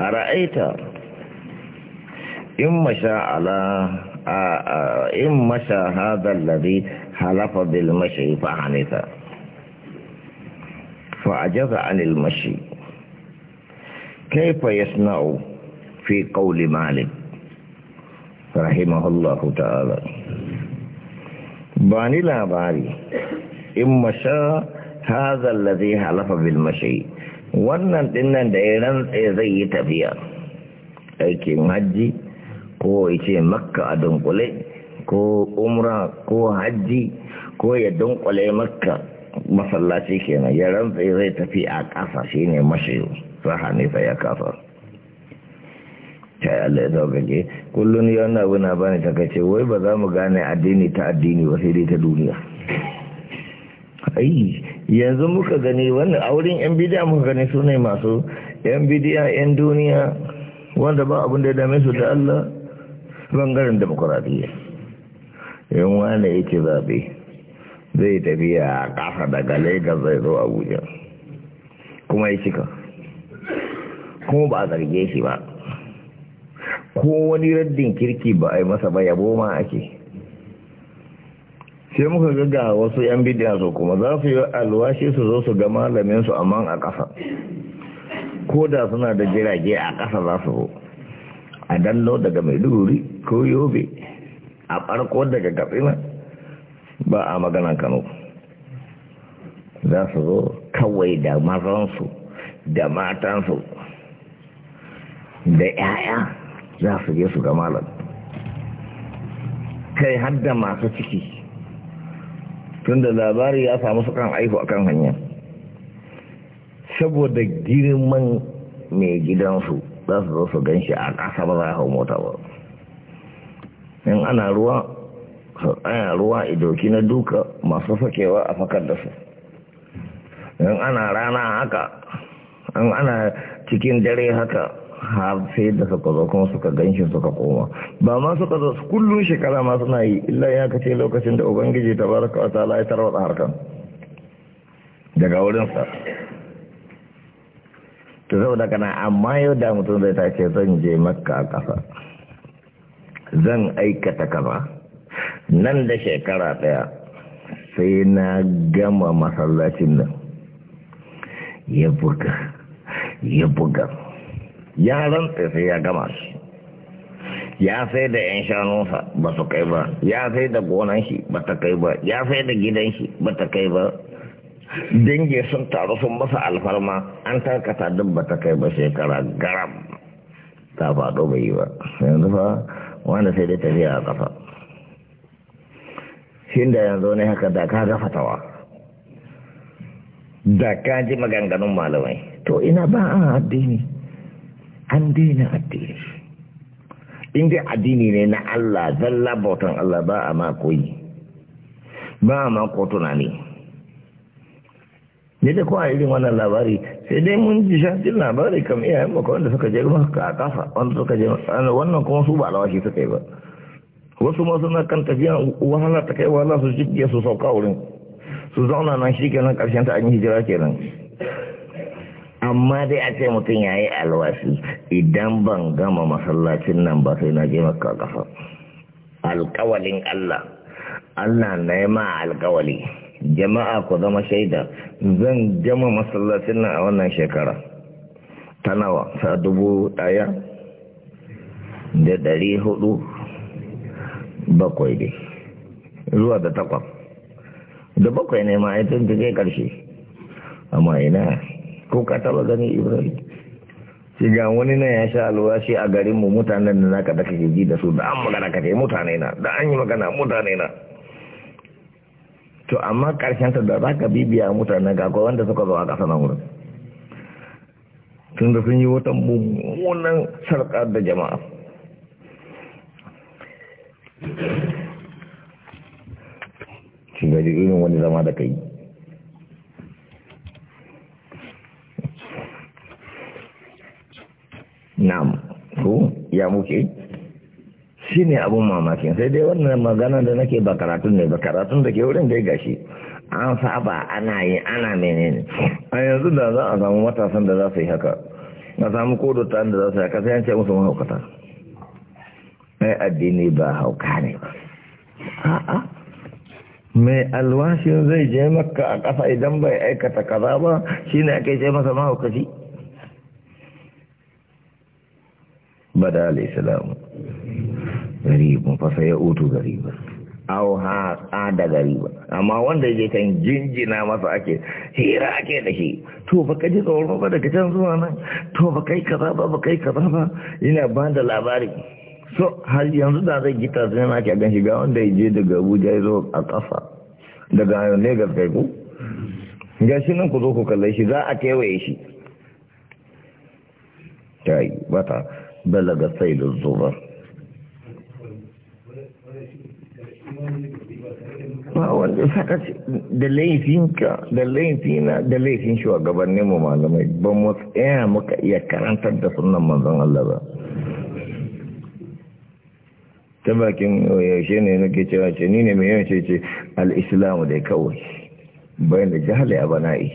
أرأيت إن مشى على آه، آه، إن مشى هذا الذي حلف بالمشي فعنف فعجز عن المشي كيف يصنع في قول مالك رحمه الله تعالى باني لا باري إن مشى هذا الذي حلف بالمشي wannan dinnan da ya rantse zai yi tafiya aikin hajji ko ya ce makka a dunkule ko umra ko hajji ko ya dunkule makka masallaci kenan ya rantse zai tafi a kasa shi ne mashi sahanifa ya kafa ta Allah ya zaugage kullum yana wuna bane ta kace wai ba za mu gane addini ta addini ba sai dai ta duniya ai yanzu muka gani wannan auren yan bidiya muka gani su ne masu yan bidiya yan duniya wanda ba abin da ya dame su da Allah bangaren demokuraɗiyya yan wane yake zaɓe zai tafiya a ƙasa daga lagos zai zo abuja kuma ya cika kuma ba a zarge shi ba ko wani raddin kirki ba a yi masa ba yabo ma ake sai muka ga ga wasu yan bidiya su kuma za su yi alwashi su zo su ga malamin su amma a ƙasa ko da suna da jirage a ƙasa za su zo a dallo daga maiduguri ko yobe a farko daga katsina ba a maganan kano za su zo kawai da mazansu da matansu da 'ya'ya za su je su ga malam kai har masu ciki tunda labari ya samu su kan aihu akan hanya saboda girman mai gidansu za su zo su gan shi a ƙasa ba za a hau mota ba in ana ruwa su tsaya ruwa idoki na duka masu sakewa a fakar da su in ana rana haka in ana cikin dare haka har sai da suka zo kuma suka ganshi suka koma ba ma suka zo kullum shekara ma suna yi illa ya kace lokacin da ubangiji tabaraka wa ta'ala ya tarwata harkan daga wurin sa to zo da kana amma yau da mutum zai ta ce zan je makka a kasa zan aikata ba nan da shekara ɗaya sai na gama masallacin nan ya buga ya buga ya rantsa sai ya gama shi ya sai da 'yan shanunsa ba su kai ba ya sai da gonan shi ba ta kai ba ya sai da gidan shi ba ta kai ba dangi sun taru sun masa alfarma an tarkata duk ba ta kai ba shekara garam ta faɗo bai yi ba yanzu fa wanda sai dai tafiya a ƙafa shin da yanzu ne haka da ka gafa tawa da ka ji maganganun malamai to ina ba an addini an daina addini in dai addini ne na Allah zalla bautan Allah ba a ma koyi ba a ma tunani ne da kowa irin wannan labari sai dai mun ji shafin labari kam iyayen maka wanda suka je maka a kafa wanda suka je wannan kuma su ba alawashi suka yi ba wasu ma suna kan tafiya wahala ta kai wahala su shige su sauka wurin su zauna nan shi nan karshen ta an yi hijira nan amma dai a ce mutum ya yi alawashi idan ban gama masallacin nan ba sai na je maka kafa alkawalin Allah Allah na yi ma alkawali jama'a ku zama shaida zan gama masallacin nan a wannan shekara ta nawa ta dubu daya da dari hudu bakwai ne. zuwa da takwas da bakwai ne ma ya tuntuke karshe amma ina ko ka taba gani ibrahim shi ga wani na ya sha alwashi a garin mu mutanen da zaka daka ji da su da an magana kai mutane na da an yi magana mutane na to amma karshen ta da zaka bibiya mutane ga ko wanda suka zo a kasa nan gurin tun da sun yi wata mummunan sarƙa da jama'a shi ga irin wani zama da kai na'am ko ya muke shi ne abin mamakin sai dai wannan magana da nake ba karatun ne ba karatun da ke wurin dai gashi an saba ana yi ana menene a yanzu da za a samu matasan da za su yi haka na samu ko da za su yi haka sai an ce musu mahaukata mai addini ba hauka ne ba a'a mai alwashin zai je makka a ƙasa idan bai aikata kaza ba shine ake ce masa mahaukaci bada alaihissalam garibin fasa ya utu gariban au ha tsada gariba amma wanda ya kan jinjina masa ake hira ake da shi to ba ka ji tsoron ba daga can zuwa nan to ba kai kaza ba ba kai kaza ba ina ba da labari so har yanzu da zai gita su yana ke gan shiga wanda ya je daga abuja ya zo a ƙasa daga lagos kai ku ga shi nan ku zo ku kalle shi za a kewaye shi ta yi ba ta balaga sailu zubar ba wanda saka da laifinka da laifina da laifin shugabannin mu malamai ba mu tsaya muka iya karantar da sunan manzon Allah ba ta bakin yaushe ne nake cewa ce ni ne mai yawan ce ce al-islamu ya kawai bayan da jahala ya bana'i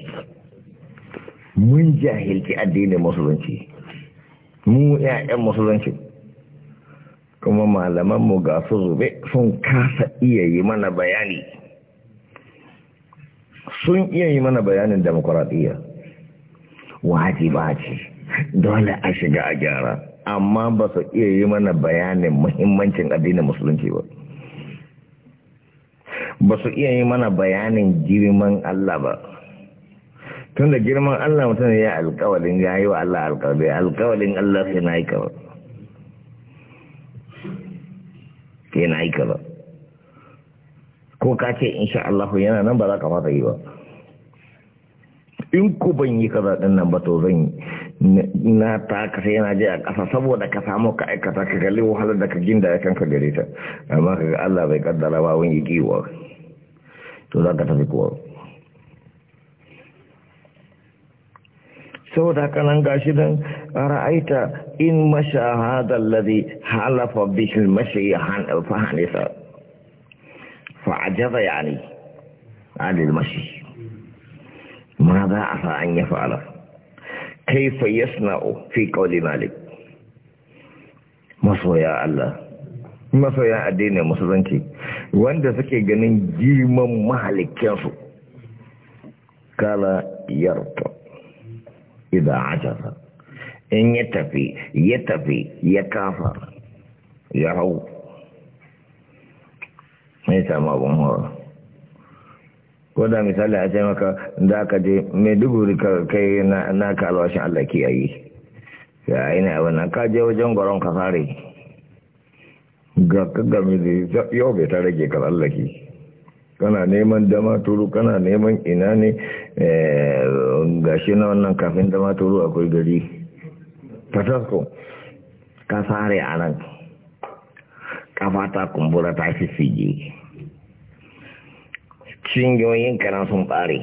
mun jahilci addinin musulunci mu ‘ya'yan musulunci kuma malamanmu ga su zube sun kasa iya yi mana bayani sun iya yi mana bayanin demokuraɗiyya wajiba ce dole a shiga a gyara amma ba su iya yi mana bayanin muhimmancin addinin musulunci ba ba su iya yi mana bayanin girman Allah ba tun da girman Allah mutum ya alkawalin ya yi wa Allah alkawali alkawalin Allah sai na yi kaza sai na yi kaza ko ka ce insha Allah yana nan ba za ka fata yi ba in ku ban yi kaza din nan ba to zan yi na ta kasa yana je a kasa saboda ka samu ka aikata ka gali wahalar da ka ginda ya kanka gare ta amma kaga Allah bai kaddara ba wani yi kiwa to za ka tafi kuwa saboda haka nan gashi nan ra'aita in masha hada alladhi halafa bihi mashi han fa hanisa fa ajaba yani alil mashi ma za a fa an yafala kaifa yasna'u fi qawli malik masoya Allah masoya addinin musulunci wanda suke ganin girman mahalikinsu kala yarta idan in ya tafi ya tafi ya kafa ya hau mai samu abin hawa ko da misali a ce maka za ka je maiduguri kai na kalwashin allah kiyaye ya yi ne abin nan ka je wajen gwaron ka fare ga gaggami da yau bai ta rage kan allaki kana neman dama turu kana neman ina ne gashi na wannan kafin da maturu akwai gari fatasko ka sare a nan kafa ta kumbura ta fi fige cinyoyin kanan sun bare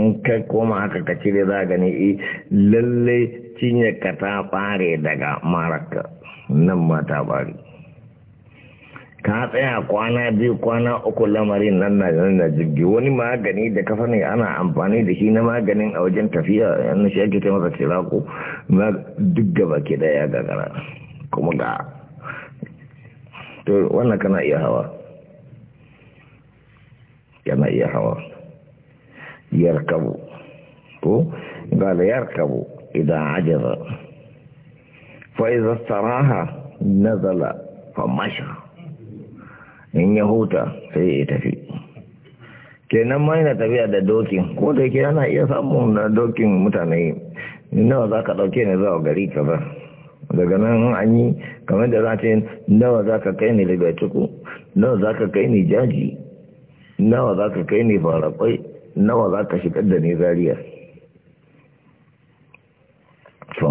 in ka koma haka ka cire za gani e eh, lalle ka ta bare daga maraka nan ma ta bare ka tsaya kwana biyu kwana uku lamarin nan na nan na jirgi wani magani da kafa ne ana amfani da shi na maganin a wajen tafiya yana shi ake taimaka tirako na duk gaba ke daya ya gagara kuma ga to wannan kana iya hawa kana iya hawa yarkabu ko ga da yarkabu idan ajaza fa iza saraha nazala fa in ya huta sai ya tafi kenan ma yana tafiya da dokin ko da yake yana iya samun na dokin mutane nawa za ka ɗauke ne zuwa gari ka ba daga nan an yi kamar da za ta yi nawa za ka kai ni libatuku nawa za ka kai ni jaji nawa za ka kai ni farakwai nawa za ka shigar da ne zariya so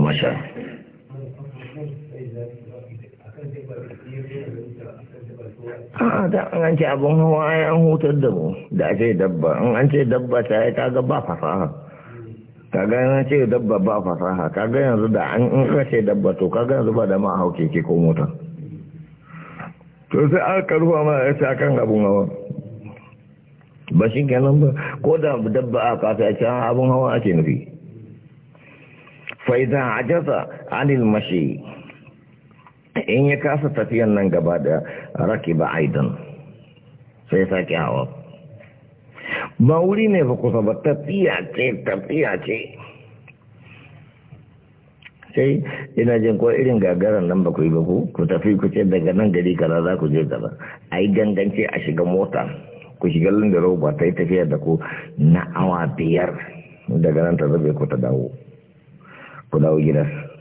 a da an ce abin hawa ya an hutar da mu da ake dabba an an ce dabba ta yi kaga ba fasaha kaga an ce dabba ba fasaha kaga yanzu da an in kace dabba to kaga yanzu ba da ma hau keke ko mota to sai an karuwa ma ya ce akan abin hawa ba shi kenan ba ko da dabba a kasa a abin hawa ake nufi fa'idan ajaza anil mashi in ya kasa tafiyan nan gaba da raki ba aidan sai sake hawa ba wuri ne ba kusa ba tafiya ce tafiya ce sai ina jin ko irin gagaran nan ba ku yi ba ku ku tafi ku ce daga nan gari kara za ku je gaba a yi gangance a shiga mota ku shiga da roba ta yi tafiya da ku na awa biyar daga nan ta zabe ku ta dawo ku dawo gidansu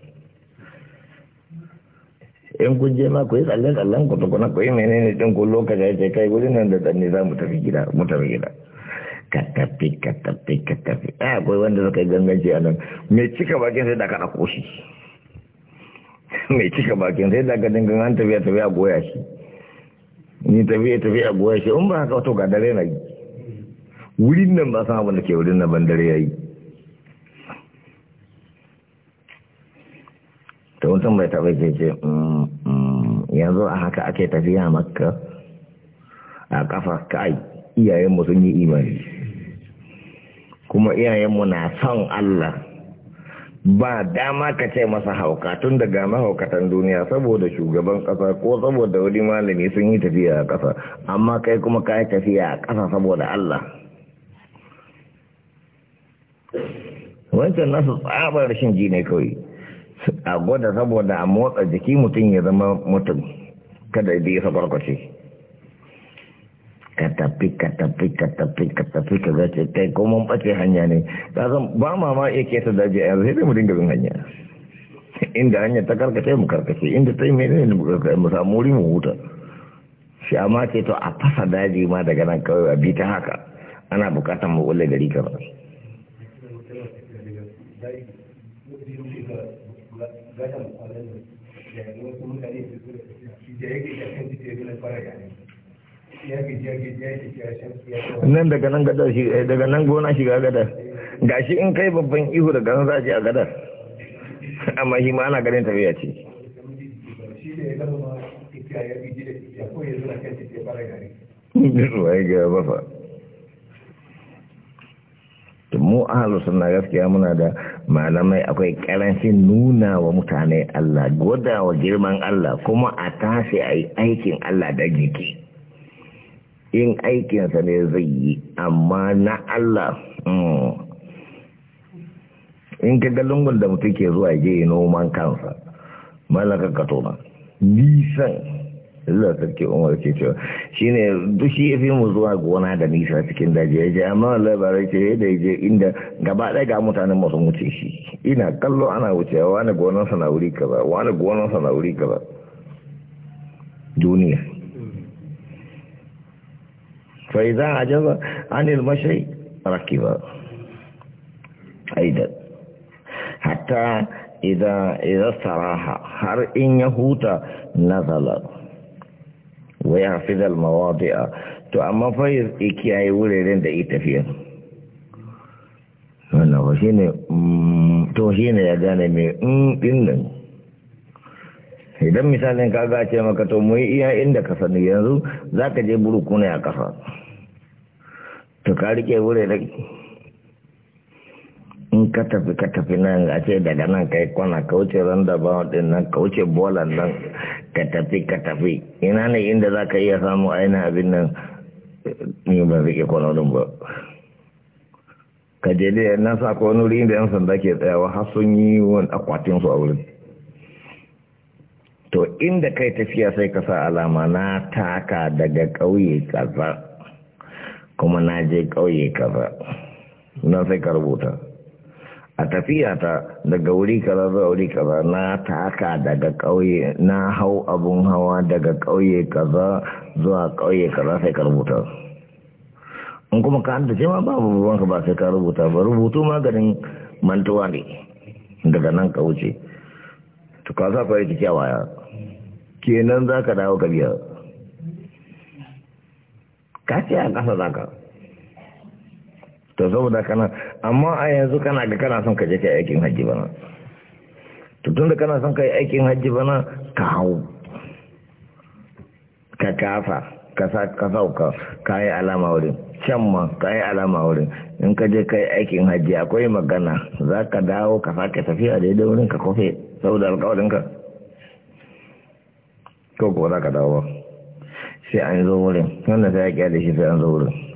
in kun je ma ku yi tsalle tsallen ku tukuna ku yi menene din ku lokaci ya kai wurin nan da tsanni za mu tafi gida mu tafi gida ka tafi ka tafi ka tafi a akwai wanda suka yi ganganci a nan mai cika bakin sai da ka ɗauko shi mai cika bakin sai da ka dinga an tafiya tafiya goya shi ni tafiya tafiya goya shi in ba haka wato ga dare na yi wurin nan ba san abin da ke wurin na ban dare ya yi ta mutum bai taɓa ce ce mm, mm, yanzu a haka ake tafiya makka a ƙafa kai iyayenmu sun yi imani kuma iyayenmu na son Allah ba dama ka ce masa hauka tun daga mahaukatan duniya saboda shugaban ƙasa ko saboda wani malami sun yi tafiya a ƙasa amma kai kuma ka yi tafiya a ƙasa saboda Allah wancan nasu tsabar rashin ji ne kawai a gwada saboda a motsa jiki mutum ya zama mutum kada da ya farkwace ka tafi ka tafi ka tafi ka tafi ka zace kai ko mun bace hanya ne ka san ba ma ma iya kesa daji a yanzu sai mu dinga bin hanya inda hanya ta karkace mu karkace inda ta yi mene ne mu karkace mu samu wuri mu huta shi amma ce to a fasa daji ma daga nan kawai a bi ta haka ana bukatar mu kulle gari kamar gadon kwanan da wasu mutane da su da nan daga nan gadar eh, daga nan gona shiga gadar gashi in kai babban ihu daga nan za a a gadar amma shi ma ana ganin tafiya ce da ya gaba fa. mu ahalu suna gaskiya muna da malamai akwai karancin nuna wa mutane Allah gwada wa girman Allah kuma a tashi a yi aikin Allah da jiki in aikinsa ne zai yi amma na Allah hmm. in ga lungun da mutum ke zuwa je noman kansa malaka katona nisan Allah sarki Umar ke cewa shine duk shi fi mu zuwa gona da nisa cikin daji ya ce amma labarai ce da ya je inda gaba ɗaya ga mutanen masu wuce shi ina kallo ana wucewa wani gonan sa na wuri kaza wani gonan sa na wuri kaza duniya fa an ajaba anil raki rakiba aidan hatta idan idan har in ya huta nazalar. wa ya hafizal mawadi'a to amma fa ya yi wuraren da ya tafiya wannan ba shi ne mm, to shi ne ya gane mai ɗin mm, nan idan misalin ka ga cewa maka to mu yi iya inda ka sani yanzu za ka je burukuna ya kafa to ka rike wuraren ka tafi ka tafi nan a ce daga nan kai kwana ka wuce ba din nan ka wuce bolan nan ka tafi ka tafi ina ne inda za ka iya samu aina abin nan ni ba zai ke kwana ba ka je da na sa ko wani wuri inda yan sanda ke tsayawa har sun yi wani akwatin su a wurin to inda kai tafiya sai ka sa alama na taka daga ƙauye kaza kuma na je ƙauye kaza na sai ka rubuta a tafiya ta daga wuri kaza zuwa wuri kaza na taka daga ƙauye na hau abun hawa daga ƙauye kaza zuwa ƙauye kaza sai ka rubuta in kuma ka an ma babu ruwanka ba sai ka rubuta ba rubutu maganin mantuwa ne daga nan ka wuce to ka za ka a waya kenan za ka dawo ka biya ka ce a ƙasa za ka to saboda kana amma a yanzu kana ga kana son ka je kai aikin hajji bana to tun da kana son kai aikin hajji bana ka hau ka kafa ka sa ka sauka ka yi alama wurin can ma ka yi alama wurin in ka je kai aikin hajji akwai magana za ka dawo ka sake tafiya daidai wurin ka kofe saboda ka ko ko za ka dawo sai an zo wurin wanda sai ya kyale shi sai an zo wurin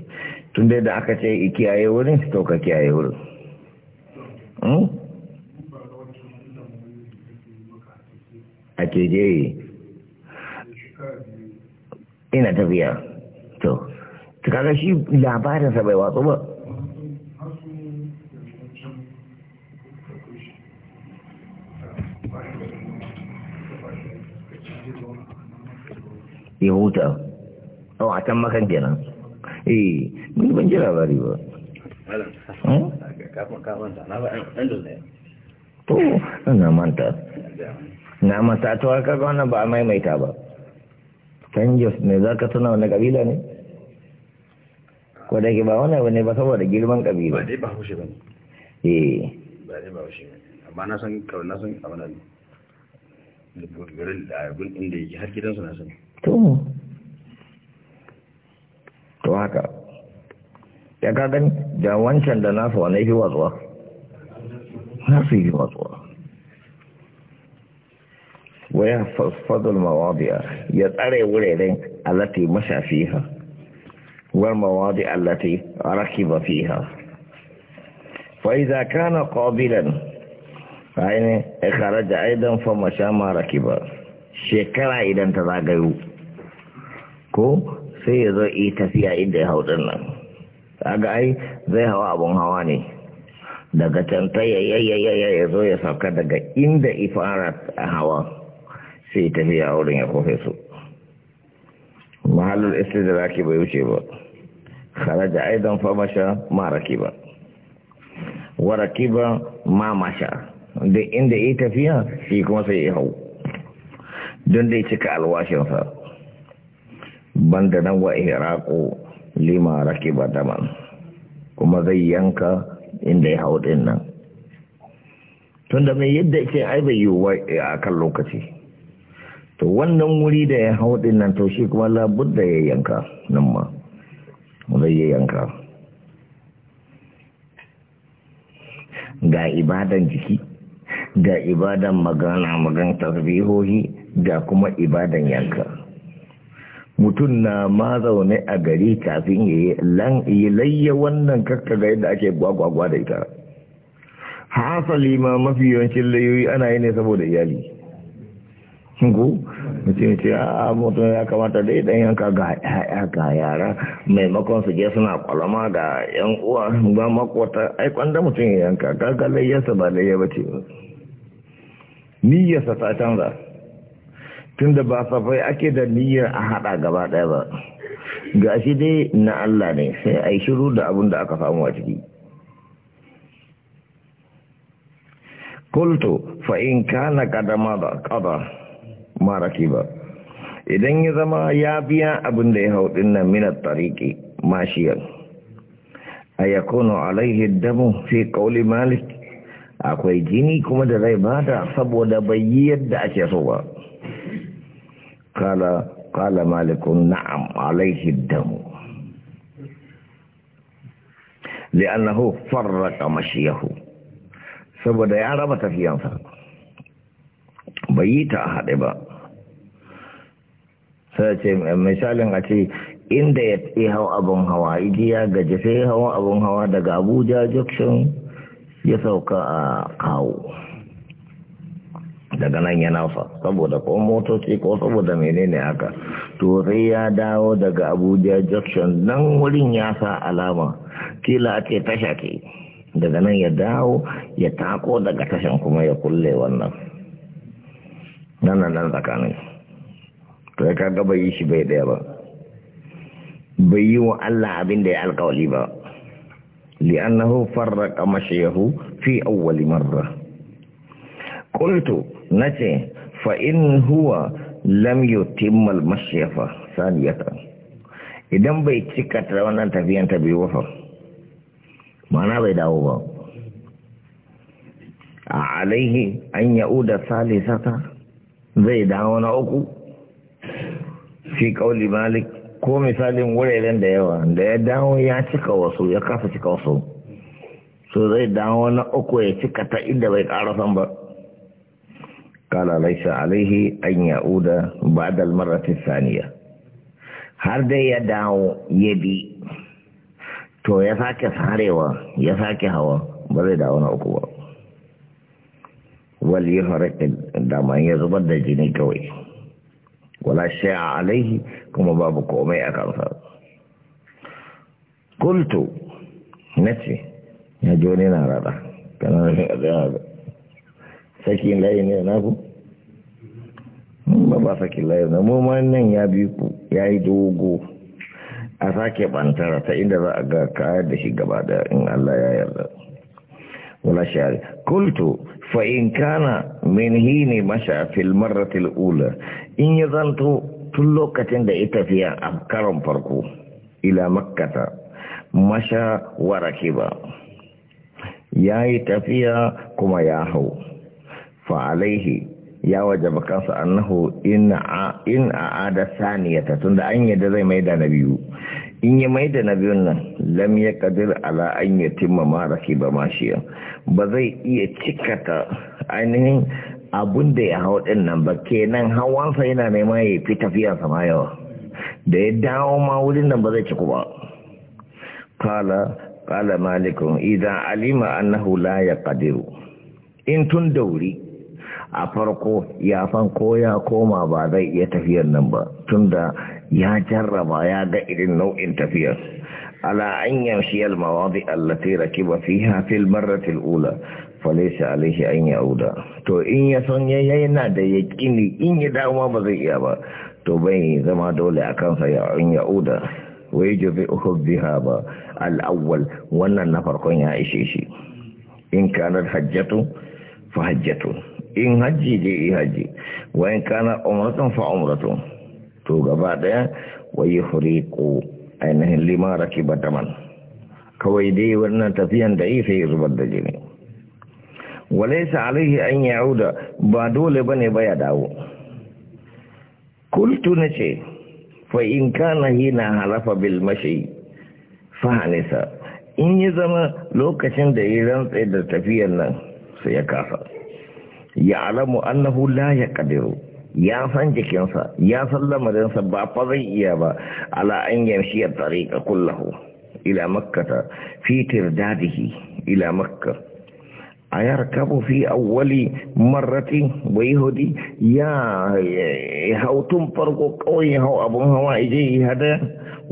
tun dai da aka ce i kiyaye wurin to ka kiyaye wurin hmm? a keje ina tafiya to kaga shi labarinsa bai watsu ba ya huta a watan makan kenan eh ni ban jira bari ba eh? to na manta na manta to haka ga wannan ba a maimaita ba kan canjus ne za ka tuna wani kabila ne ko da ke ba wani abu ne ba saboda girman kabila ba dai ba hushe ba ne eh ba dai ba hushe ba amma na san kawai na san abu na ne gurin da abin inda yake har gidansu na san to to haka ya kagan da wancan da nasa wane fi watsuwa nasu yi watsuwa waya fasfadul mawadiya ya tsare wuraren alati mashafiha wal mawadi allati rakiba fiha fa idza kana qabilan aine kharaja aidan fa masha ma rakiba shekara idan ta zagayo ko sai ya zo yi tafiya inda ya hau din nan kaga ai zai hawa abun hawa ne daga tantaya yayyayya ya zo ya sauka daga inda ifara hawa sai tafi ya tafiya wurin ya kofe su da raki bai wuce ba kharaja ai fama sha ma ba. wa ba ma masha da inda yi tafiya shi kuma sai ya hau don dai cika alwashinsa banda nan wa ihraqu lima rakiba daman kuma zai yanka inda ya hau din nan tunda mai yadda yake ai bai a kan lokaci to wannan wuri da ya hau din nan to shi kuma da ya yanka nan ma zai ya yanka ga ibadan jiki ga ibadan magana magan tarbihohi ga kuma ibadan yanka mutum na ma zaune a gari kafin ya yi layya wannan kakka ga yadda ake gwagwagwa da ita hasali ma mafi yawancin layoyi ana yi ne saboda iyali ko mutum ce a mutum ya kamata dai dan yanka ga ya'ya ga yara maimakon su je suna kwalama ga yan uwa ba makwata ai kwanda mutum ya yanka ga ga layyarsa ba layya ba ce niyyarsa ta canza tunda ba safai ake da niyyar a haɗa gaba ɗaya ba ga shi dai na Allah ne sai a yi shiru da abin da aka samu a ciki kultu in kana kadama da ƙada maraki ba idan ya zama ya biya abin da ya hau ɗinnan mina tariki mashiyar a yakono alaihi damu fi ƙauli malik akwai jini kuma da zai bada saboda bai yi yadda ake so ba Kala قال na'am alaihi damu. Lianahu لأنه فرق mashiyahu saboda ya raba tafiyansa bai yi ta haɗe ba sai ce misalin a ce inda ya yi hau abin hawa idi ya gaji sai hau abin hawa daga abuja junction ya sauka a kawo daga nan ya nafa saboda ko motoci ko saboda menene haka to sai ya dawo daga abuja junction nan wurin ya sa alama kila ce tasha ke daga nan ya dawo ya tako daga tashan kuma ya kulle wannan nan nan tsakanin to ya kaga bai yi shi bai daya ba bai yi wa Allah abin da ya alkawali ba li'annahu farraqa mashayahu fi awwal marra qultu na ce fa’in huwa lam yutimmal mashyafa ta. idan bai cika ta wannan tafiyan ta biyu wafa ma'ana bai dawo ba a alaihi an ya'u ya'uda salisata zai dawo na uku fi kauli malik ko misalin wuraren da yawa da ya dawo ya cika wasu ya kasa cika wasu so zai dawo na uku ya cika ta inda bai karasan ba قال ليس عليه أن يعود بعد المرة الثانية هل دا يدعو يبي تو يفاك فاريوا يفاك هوا بل يدعونا أقوى وليفرق دعما يزبط دا جيني كوي ولا شاع عليه كما باب قومي أكالفا قلت نتي يا جوني نارا كان هذا sakin layi ne na ku ba sakin layi na mu nan ya bi ku ya yi dogo a sake bantara ta inda za a ga kayar da shi gaba da in Allah ya yarda wala shari kultu fa in kana min hini masha fil marratil ula in ya zanto tun lokacin da ita tafiya a karon farko ila makkata masha wa rakiba ya yi tafiya kuma ya hau فعليه ya wajaba kansa annahu in a'ada saniyata tunda an yadda zai maida na biyu in ya maida na biyun nan lam ya kadir ala an yatimma ma rakiba mashiya ba zai iya cikata ainihin abun da ya hau din nan ba kenan hawansa yana nema ya fi tafiya sama yawa da ya dawo ma wurin nan ba zai ciku ba kala kala malikun idan alima annahu la ya kadiru in tun da wuri a farko ya fan ko ya koma ba zai iya tafiyar nan ba tunda ya jarraba ya ga irin nau'in tafiyar ala an yamshi al-mawadi allati rakiba fiha fil marrati al-ula falaisa an yauda to in ya san yana da yaƙini in ya dawo ba zai iya ba to bai zama dole a kansa ya an yauda wai jabi uhubbiha ba al-awwal wannan na farkon ya ishe shi in kanar hajjatu fa hajjatu in hajji je yi hajji wa in kana umratun fa umratun to gaba daya wa yuhriqu ainihin lima raki bataman. kawai dai wannan tafiyan da yi sai zubar da jini walaisa alaihi an ya'uda ba dole bane ba ya dawo kultu nace fa in kana hina halafa bil mashi fa hanisa in yi zama lokacin da ya rantsa da tafiyar nan sai ya kasa. ya'lamu annahu la yaqdiru ya san jikinsa ya san lamarinsa ba fa zai iya ba ala an yamshi tariqa kullahu ila makkata fi tirdadihi ila makka ayarkabu fi awwali marrati wa yahudi ya hautun farko kawai ya hau abun hawa ije yi hada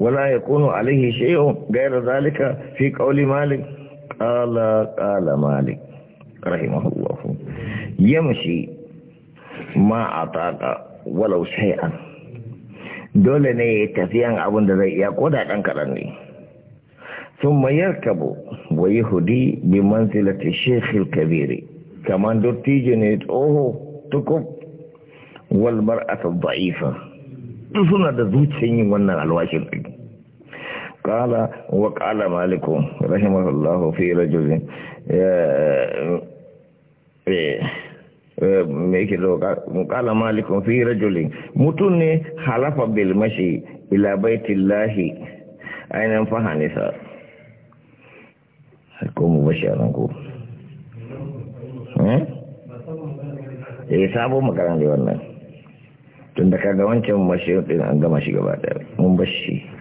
wala yakunu alaihi shay'un ghayra zalika fi qawli malik qala qala malik rahimahullah yamshi ma a taka walau shay'an dole ne ya tafiyan abin da zai iya koda ɗan kaɗan ne sun mayar kabo wa yahudi bi manzilati shekhil kabiri kamar dottijo ne tsoho tukub wal mar'ata da'ifa suna da zuciyar yin wannan alwashin kala wa kala maliku rahimahullahu fi rajulin رجل me yake zo kala malikun fi rajulin mutum ne halafa bil mashi ila baitillahi ainihin fahanisa ko mu bashi a ranko eh, eh sabo makaran da wannan tun da kaga wancan mashi an gama shi gaba daya mun bashi